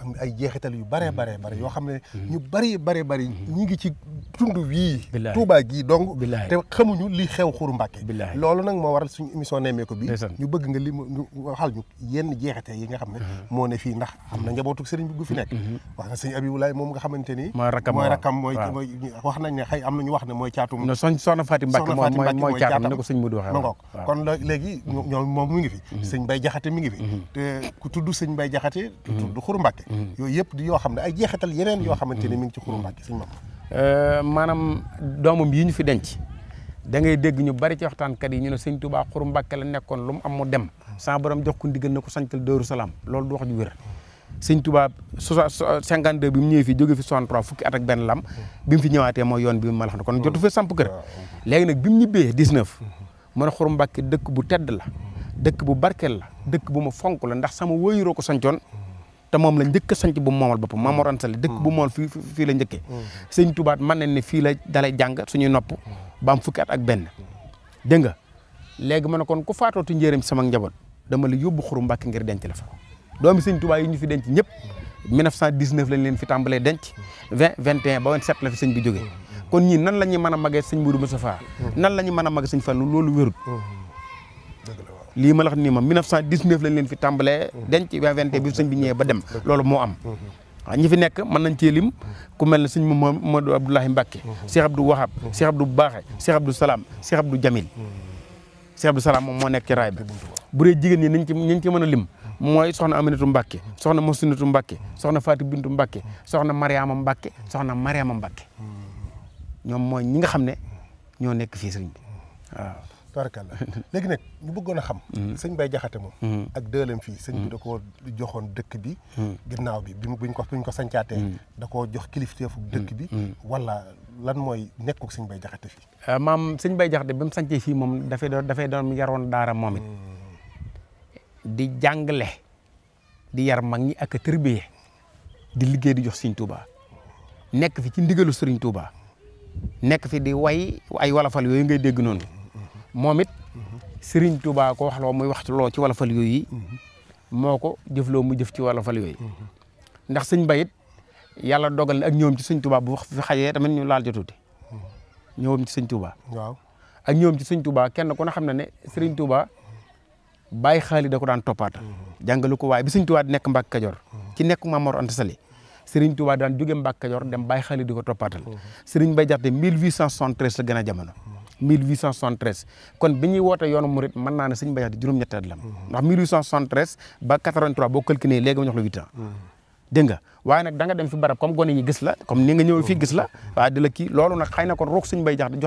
am ay jeexital yu bare bare bare yoo xam ne bari bare bari ñi ngi ci tund wii Tuubaa gii dong te xamuñu li xew xuru mbàkke loolu nag moo waral suñu émission nemmeeku bi ñu bëgg nga li ñu waxal ñu yenn jeexital nga xam ne moo fii ndax am na njabootu sëriñ bi gu fi nekk wax na sëñ Abibulaay moom nga xamante ni mooy rakkam mooy rakkam mooy wax nañ ne xëy am na ñu wax ne mooy caatum no soñ soxna Faati Mbàkke mooy mooy caatum ne ko sëñ Modou waxee mangoog kon léegi ñoom moom mhm. mi ngi fi sëñ Mbay Jaxate mi ngi fi te ku tudd sëñ Mbay Jaxate mhm. tudd Xuru Mbàkke mhm. yooyu yëpp di yoo xam ne ay jeexital yeneen yoo xamante ne mi ngi ci Xuru Mbàkke sëñ mam euh, maanaam ñu fi denc da ngay dégg ñu bari ci waxtaankat yi ñu ne sëñ Tuubaa Xuru Mbàkke la nekkoon lu mu am mu dem sa borom jox ko ndigal na ko sancal Daaru Salaam loolu du wax ju wér sëñ Touba cinquante deux bi mu ñëwee fii jóge fi soixante trois fukki at ak benn lam bi mu fi ñëwaatee moo yoon bi mu ma la kon jotu fi samp kër léegi nag bi mu ñibbee dix-neuf mu ne Xuru Mbàkke dëkk bu tedd la dëkk bu barkeel la dëkk bu ma fonk la ndax sama wóyuroo ko sancoon te moom la njëkk a bu moomal boppam Maam Mor Anta Sali dëkk bu moomal fii fii la njëkkee sëñ mën nañ ne fii la dalay jàng suñuy nopp ba am fukki at ak benn dégg nga léegi ma ne kon ku faatootu njëriñ sama njaboot dama la yóbbu Xuru Mbàkke ngir denc la fa doomi sëñ Tuubaa yi ñu fi denc ñëpp 1919 lañ leen fi tàmbalee denc 20 21 ba 27 la fi sëñ bi jógee kon ñii nan la ñuy mën a magee sëñ Mourou Moustapha nan la ñuy mën a magee sëñ Fallou loolu wérut lii ma la wax nii ma 1919 lañ leen fi tàmbalee denc 20 21 bi sëñ bi ñëwee ba dem loolu moo am waaw ñi fi nekk mën nañ cee lim ku mel ne sëñ Mamadou Abdoulahi Mbacke Cheikh Abdou see Cheikh Abdou Baaxe Cheikh Abdou Salaam Cheikh Abdou Jamil Cheikh Abdou Salaam moom moo nekk ci raay bi bu dee jigéen ñi nañ ci nañ ci mën a lim mooy soxna Aminatu Mbacke soxna Mosinatu Mbacke soxna Fatou Bintu Mbacke soxna Mariama Mbacke soxna Mariama Mbacke ñoom mooy ñi nga xam ne ñoo nekk fii sëriñ bi waaw. tabarakalla léegi nag ñu bëggoon a xam. Mm-hmm. sëñ Baye Jaxate moom. Mm-hmm. ak dëlem fii sëñ bi mm-hmm. da koo joxoon dëkk bi. ginnaaw bi bi mu buñ ko buñ ko sancaatee. da koo jox kilifteefu dëkk bi. wala lan mooy nekkuk sëñ Baye Jaxate fii. Ah, maam sëñ Baye Jaxate ba mu sancee fii moom dafay doon dafay doon yaroon daara moom it. di jàngale di yar mag ñi ak a di liggéey di jox Sëriñ Tuuba nekk fi ci ndigalu Sëriñ Tuuba nekk fi di way ay walafal yooyu ngay dégg noonu moom it Sëriñ Tuuba ko waxloo muy waxtu loo ci walafal yooyu moo ko loo mu jëf ci walafal yooyu ndax sëñ bayit yàlla dogal na ak ñoom ci Sëriñ Tuuba bu xajee tamit ñu laal jotuuti ñoom ci Sëriñ Tuuba waaw Tuuba bàyyi xaali da ko daan toppaata mhm. jàngalu ko waaye bi sëñ Tuubaa di nekk Mbàkke Kajoor ci nekk Maam Mor Anta Sali sëriñ Tuubaa daan jóge Mbàkke Kajoor dem bàyyi xaali di ko toppaatal mhm. sëriñ Bay Jaxate 1873 la gën a jamono 1873 mhm. kon bi ñuy woote yoonu murit mën naa ne sëriñ Bay Jaxate juróom-ñetti at la ndax 1873 ba 83 boo calculé léegi ma jox la 8 ans dégg nga waaye nag da nga dem fi barab comme gone yi gis la comme ni nga ñëw fii gis la waaye di la kii na kon ruux sëriñ Bay Jaxate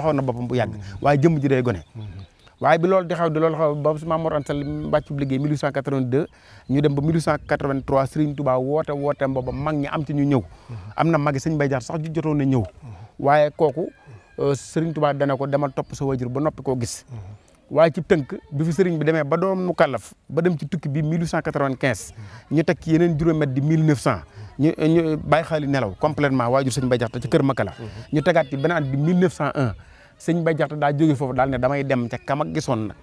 waaye bi loolu di xaw di loolu xaw ba Maam Mor Anta Sali mbàccub liggéey 1882 ñu dem ba 1883 Serigne woote woote booba mag am ci ñu ñëw mhm. am na magi sëñ Mbay Jaar sax ju jotoon na ñëw mhm. waaye kooku euh, seriñ Touba dana ko demal topp sa wajur ba noppi koo gis mhm. waaye ci tënk bi fi sëriñ bi demee ba doon mu kàllaf ba dem ci tukki bi 1895 ñu teg ci yeneen juróomet di 1900 ñu ñu bàyyi xaali nelaw complètement waajur sëñ Mbay Jaar te ci kër Makala ñu tegaat ci beneen at bi 1901 sëñ bay jaxte daa jóge foofu daal ne damay dem ca kam ak gisoon nag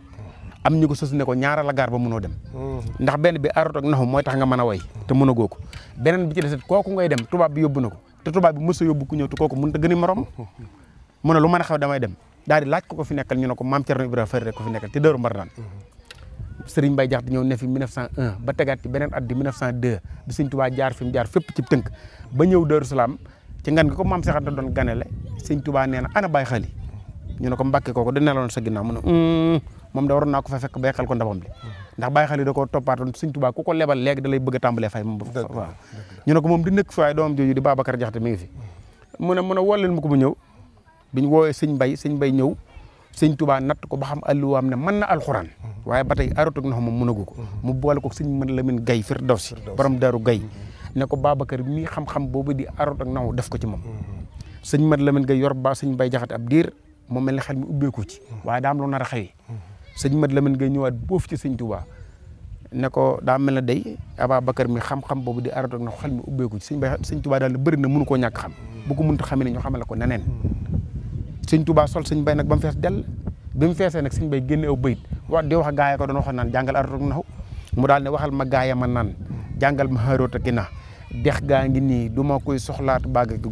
am ñu ko sës ne ko ñaara la gaar ba mënoo dem mm-hmm. ndax benn bi arot ak naxu mooy tax nga mën a way te mën a goo ko beneen bi ci deset kooku ngay dem tubaab bi yóbbu na ko te tubaab bi mës a yóbbu ku ñëw te kooku mënut a gën a morom mm-hmm. mu ne lu mën a xaw damay dem daal di laaj ko ko fi nekkal ñu ne ko maam Thierno Ibrahima Fari rek ko fi nekkal te mm-hmm. ñëw ne fi 1901 ba tegaat ci beneen at di 1902 bi Serigne Touba jaar fi mu jaar fépp ci tënk ba ñëw Daaru Salaam ci ngan gi ko maam Seex Anta doon ganele Serigne Touba nee na ana Baye Xali ñu ne ko mbàkke kooku di neloon sa ginnaaw mu ne a da waroon naa ko fa fekk ba yàqal ko ndabam li ndax bàyyi xel yi da ko toppaatoon sëñ Tuubaa ku ko lebal léegi da lay bëgg a fay moom ne ko moom di nekk fi waaye doomam jooju di Babacar Jaxate mi ngi fi mu ne mu ne wooleel mu ko mu ñëw biñ woowee sëñ Mbay ñëw sëñ tubaa natt ko ba xam alluwaam ne man na alxuraan mhm. waaye ba tey aratug na moom mënagu ko mhm. mu boole ko sëñ mën Lamin Gay Firdawsi borom Daaru Gay mhm. ne ko Babacar mii xam-xam boobu di arot ak naw def ko ci moom sëñ Mat Lamin Gay yor ba sëñ Mbay Jaxate ab diir mu mel ne xel mi ubbeeku ci mm-hmm. waaye daam am na nar a xëy mm-hmm. sëñ Mat Lamin Gay ñëwaat boof ci sëñ Tuubaa ne ko daa mel ne day Ababacar mi xam-xam boobu di aratoog na xel mi ubbeeku ci sëñ Bay sëñ Tuubaa daal bari na mënu koo ñàkk xam mm-hmm. bu ko mënta xamee ñoo ñu xamale ko neneen sëñ Tuubaa sol sëñ mbay nag ba mu fees del bi mu feesee nag sëñ Bay génne aw bayit wax di wax gaaya ko doon waxoon naan jàngal aratoog naxu mu daal ne waxal ma gaaya ma naan jàngal ma xaaroot ak na dex gaa ngi nii du ma koy soxlaat baaga gi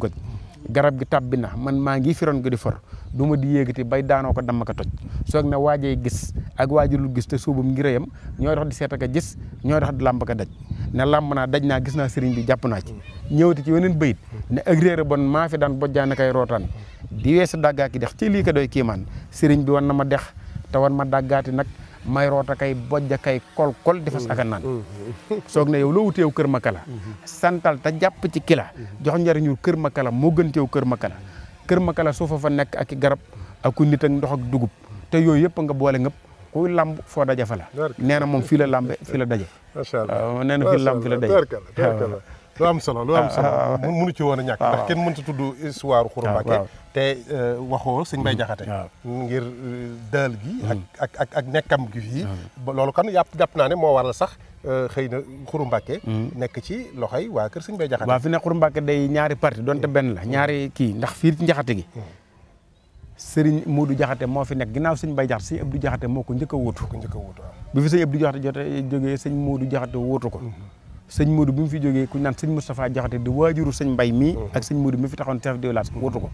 garab gi tàbbi na man maa ngi firoon nga di for du ma di yéegati bay daanoo ko damm ko toj soog na waajee gis ak waajurul gis te suubam ngi rëyam ñooy tax di seet ak a gis ñooy tax di làmb ko daj ne làmb naa daj naa gis naa sëriñ bi jàpp naa ci ñëwati ci weneen bayit ne ak bon maa fi daan bojjaan kay rootaan di weesu dàggaa ki dex ci lii ko doy kiimaan sëriñ bi wan na ma dex te wan ma dàggaati nag mayroota kay bojja kay kol kol defe ak a naan soog ne yow loo wuteew kër ma kala santal te jàpp ci kila jox njariñu kër ma kala moo gën kër ma kala kër ma kala suufa fa nekk ak i garab ak ku nit ak ndox ak dugub te yooyu yëpp nga boole nga kuy lamb foo daja fa la nee na moom fii la lambe fii la daje macha allah nee na fii la lamb fii la daje lu solo lu am solo (laughs) mënu ci woon a ñàkk ndax kenn mënta tudd histoire Khourou te euh, waxoo suñ bay mm-hmm. jaxate ngir euh, daal gi mm-hmm. ak ak ak nekkam gi fii loolu kan yàpp jàpp naa ne moo waral sax euh, xëy na xuru mbàkke mm-hmm. nekk ci loxoy waa kër suñ bay jaxate waaw fi nekk xuru mbàkke day ñaari parti donte benn la ñaari kii ndax fii ci njaxate gi sëriñ Moodu jaxate moo fi nekk ginnaaw suñ bay jaxate sëñ Abdou jaxate moo ko njëkk a wóotu bi fi sëñ Abdou jaxate jote jógee sëñ Moodu jaxate wóotu ko sëñ Modou bi mu fi jógee kuñ naan sëñ Moustapha Diakhaté di waajuru sëñ Mbay mii mhm. ak sëñ Modou bi mu fi taxoon chef de village wutu ko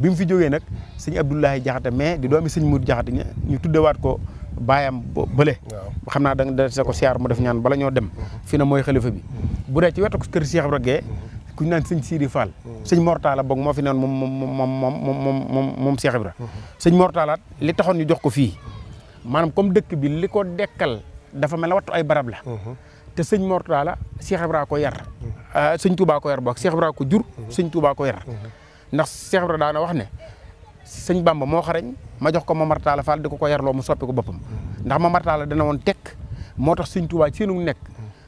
bi mu fi jógee nag sëñ Abdoulaye Diakhaté mais di doomi sëñ Modou Diakhaté ñu tuddewaat ko baayam bële xam naa da nga da ko siyaar mu def ñaan bala ñoo dem mhm. fi na mooy xalifa bi bu dee ci wetu kër Cheikh Ibra Guèye mhm. ku ñu naan sëñ Sidi Fall sëñ Mortala boog moo fi noon moom moom moom moom moom moom Cheikh Ibra sëñ Mortalaat li taxoon ñu jox ko fii maanaam comme dëkk bi li ko dekkal dafa mel ne wattu ay barab la te sëñ Mortala Cheikh Ibra ko yar mm-hmm. ah, sëñ Touba ko yar boog Cheikh jur mm-hmm. sëñ Touba ko yar mm-hmm. ndax Cheikh Ibra daana wax ne sëñ Bamba moo xarañ ma jox ko Mamar martala Fall di ko ko yarloo mu soppi ko boppam ndax Mamar Talla dana woon tek moo tax sëñ Touba seenu nekk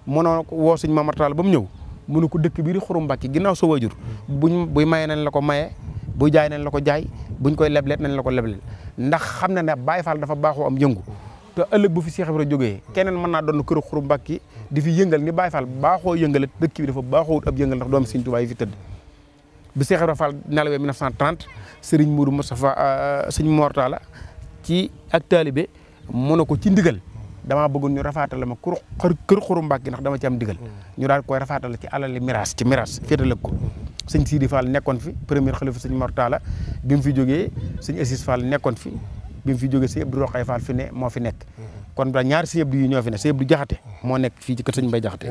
mënoo woo sëñ Mamar Talla ba mu ñëw mënu ko dëkk biir xurum mbàkki ginnaaw sa waajur buñ buy maye nañ la ko maye buy jaay nañ la ko jaay buñ koy lebleet nañ la ko lebleel ndax xam na ne Baye Fall dafa baaxoo am yëngu te ëllëg bu fi Cheikh Ibra jógee keneen mën naa doon këru xurum mbàkki di fi yëngal ni Baye Fall baaxoo yëngale dëkk bi dafa baaxoowut ab yëngal ndax doomu Sëriñ Tuubaa yi fi tëdd bi Cheikh Ibra Fall nalawee 1930 Serigne Mourou Moustapha euh, Sëriñ Mortala ci ak taalibe mu ne ko ci ndigal damaa bëggoon ñu rafaatal ma kur kër xuru Mbàkke ndax dama ci am ndigal mm. ñu daal koy rafaatal ci alal miraas ci miraas féetalag ko sëñ Sidi Fall nekkon fi premier xalifa sëñ Mortala bi mu fi jógee sëñ Assis Fall nekkoon fi bi mu fi jóge sëñ Abdou Rokhaya Fall fi ne moo fi nekk kon ba ñaar ñoo fi ne sëñ moo nekk fii ci kër sëñ Mbay Jaxate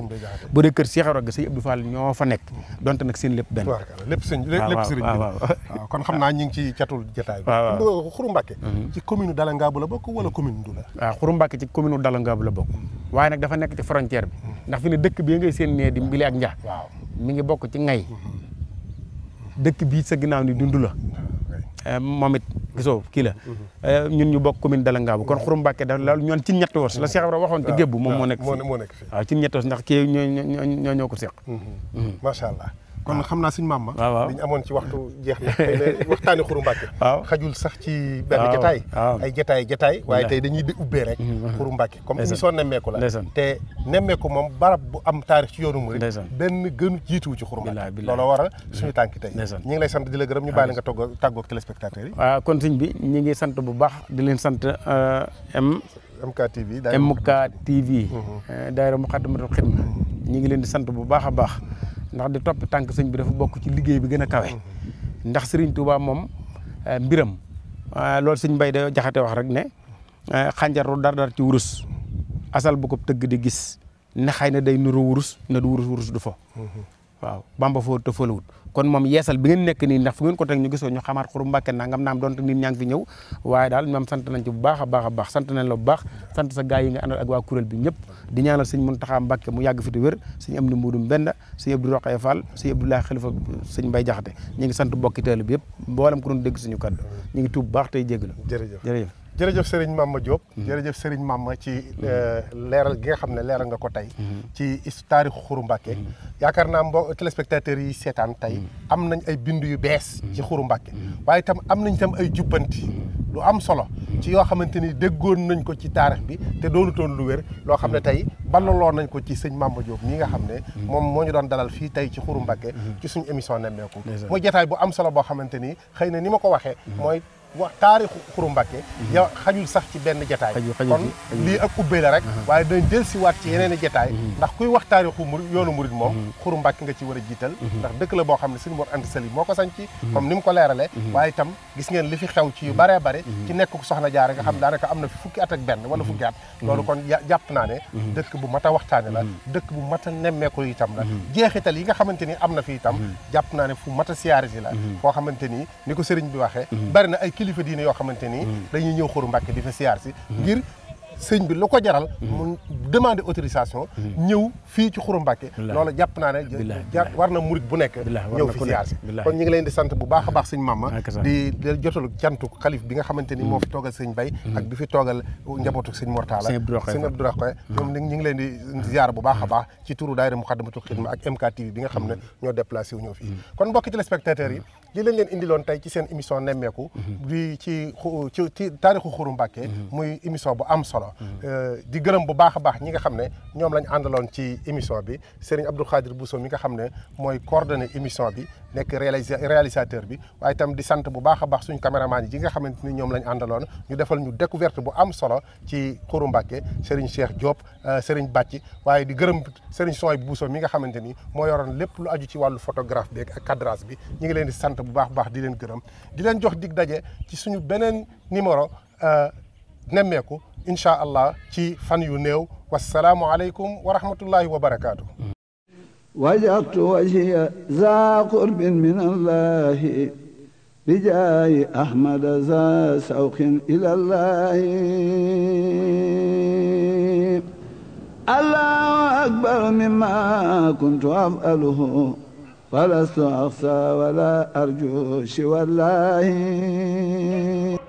bu dee kër Cheikh Roga sëñ Abdou lépp benn kon xam naa ñu ngi ci catul jotaay bi Xuru Mbàkke mhm. ci commune Dalangaabu la bokk wala commune Ndula waaw Xuru Mbàkke ci commune Dalangaabu la bokk waaye nag dafa nekk ci frontière bi mhm. ndax fi dëkk bi ngay seen nee di mbili ak njax mi ngi bokk ci ngay mhm. dëkk bii sa ginnaaw ni dundu la Euh, moom it gisoo kii la mhm. euh, ñun ñu bokk commune Dalangaabu kon Xurum Mbàkke da loolu ñoon cin ñetti wars la Cheikh Ibrahima waxoon te gébbu moom moo nekk fii waaw cin ñetti wars ndax kii ñoo ñoo ñoo ko seq mhm. mhm. macha allah kon xam naa suñu maam ma. waaw li amoon ci waxtu jeex na xëy na waxtaani Xuru waaw xajul sax ci benn jotaay. ay jotaay jotaay. waaye tey dañuy ubbee rek. Mm, mm. Xuru Mbàkke comme émission nemmeeku la. te nemmeeku moom barab bu am taarix ci yoonu murid. benn gënu jiituwu ci Xuru Mbàkke. looloo waral suñu tànk tey. ñu ngi lay sant di la gërëm ñu bàyyi la nga togg tàggoog yi. kon sëñ bi ñu ngi sant bu baax di leen sant euh, M. MK TV MK TV. daayira Muxaddamatul ma mm-hmm. ñu ngi leen di sant bu baax a baax ndax di topp tànk sëñ bi dafa bokk ci liggéey bi gën a kawe ndax sëriñ Touba moom eh, mbiram eh, loolu sëñ Mbay da jaxate wax rek ne eh, xànjaru dar dar ci wurus asal bu ko tëgg di gis ne xëy na day nuru wurus na du wurus wurus du fo mm-hmm. waaw bamba foo te fëlawut kon moom yeesal bi ngeen nekk nii ndax fu ngeen ko teg ñu gisoo ñu xamaat xuru Mbàkke nangam naam donte nit ñaa ngi fi ñëw waaye daal moom sant nañ ci baax a baax a baax sant nañ la baax sant sa gaay yi nga àndal ak waa kuréel bi ñëpp di ñaanal sëñ Muntaxa Mbàkke mu yàgg fi te wér sëñ Amdi Mbuudum Benda sëñ Abdou Roqee Fall sëñ Abdoulaye Xalifa sëñ Mbay Jaxate ñu ngi sant bokki teel bi yëpp mboolem ku doon dégg suñu kaddu ñu ngi tuub baax tey jégg la jërëjëf jërëjëf sëriñ Mama Diop. Mhm. jërëjëf sëriñ Mama ci mhm. euh, leeral gi xam ne leeral nga ko tey. Mhm. ci taarixu Xuru Mbàkke. yaakaar naa mbo téléspectateurs yi seetaan tey am nañ ay bind yu bees. ci Xuru Mbàkke waaye itam am nañ itam ay jubbanti. lu am solo ci yoo xamante ni déggoon nañ ko ci taarix bi te doonutoon lu wér loo xam ne tey ballaloo nañ ko ci sëñ Mamba Diop ñi nga xam ne moom moo ñu doon dalal fii tey ci Xuru Mbàkke ci suñu émission nemmeeku mooy jataay bu am solo boo xamante ni xëy na ni ma ko waxee mooy wax taarixu Xuru Mbàkke mhm. yow xajul sax ci benn jataay kon lii ak ubbee la rek mhm. waaye dañ del si waat ci yeneen i jataay mhm. ndax kuy wax taarixu murid yoonu murid moom Xuru Mbàkke nga ci war a jiital ndax dëkk la boo xam ne suñu Mor moo ko sanc comme ni mu ko leeralee waaye itam gis ngeen li fi xew ci yu baree bare ci nekk ko soxna jaare nga xam daanaka am na fi fukki at ak benn wala fukki at loolu kon jàpp naa ne dëkk bu mat a waxtaane la dëkk bu mat a nemmeeku itam la jeexital yi nga xamante ni am na fi itam jàpp naa ne fu mat a siyaare si la foo xamante ni ni ko sëriñ bi waxee kilifa diine yoo xamante ni. Mm. dañuy ñëw xuru Mbàkke di fa siyaar si. Mm. ngir sëñ bi lu ko jaral. Mm. mu demander autorisation. ñëw fii ci xuru Mbàkke. loolu jàpp naa ne war na murit bu nekk. ñëw fi siyaar si kon ñu ngi leen di sant bu baax a baax sëñ Mama. di jotalu cantu xalif bi nga xamante ni moo fi toogal sëñ Bay. bi fi toogal njabootu sëñ Mortala. ñu ngi leen di ziar bu baax a baax ci turu daayira Muxaddamatul Xidma ak MKTV bi nga xam ne ñoo déplacé wu ñëw fii kon mbokki téléspectateurs yi li lañ leen indiloon tey ci seen émission nemmeeku di ci ci ci taarixu Xuru Mbàkke muy émission bu am solo euh, di gërëm bu baax a baax ñi nga xam ne ñoom lañu àndaloon ci émission bi Serigne Abdou Khadir Bousso mi nga xam ne mooy coordonné émission bi nekk réalisateur bi waaye itam di sant bu baax a baax suñu caméraman ji nga xamante ni ñoom lañu àndaloon ñu defal ñu découverte bu am solo ci Xuru Mbàkke seriñ Cheikh Diop euh, Serigne Bàcci waaye di gërëm Serigne Soy Bousso mi nga xamante ni moo yoroon lu aju ci wàllu photographe bi ak cadrage bi ñu ngi leen di sant bu baax baax di leen gërëm di leen jox dig ci suñu beneen numéro euh, nemmeeku incha allah ci fan yu néew wasalaamu aleykum wa rahmatullahi wa barakaatu. وجهت وجهي ذا قرب من الله بجاه أحمد ذا سوق إلى الله الله أكبر مما كنت أفعله ولست أخشى ولا أرجو سوى الله